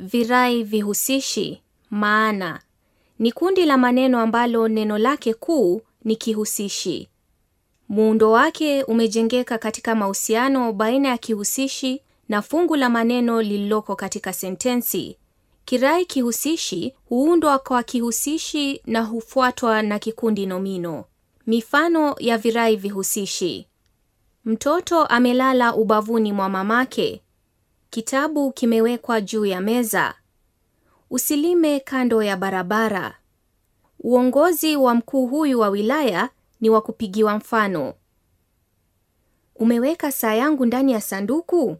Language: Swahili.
Virai vihusishi maana ni kundi la maneno ambalo neno lake kuu ni kihusishi. Muundo wake umejengeka katika mahusiano baina ya kihusishi na fungu la maneno lililoko katika sentensi. Kirai kihusishi huundwa kwa kihusishi na hufuatwa na kikundi nomino. Mifano ya virai vihusishi: mtoto amelala ubavuni mwa mamake. Kitabu kimewekwa juu ya meza. Usilime kando ya barabara. Uongozi wa mkuu huyu wa wilaya ni wa kupigiwa mfano. Umeweka saa yangu ndani ya sanduku?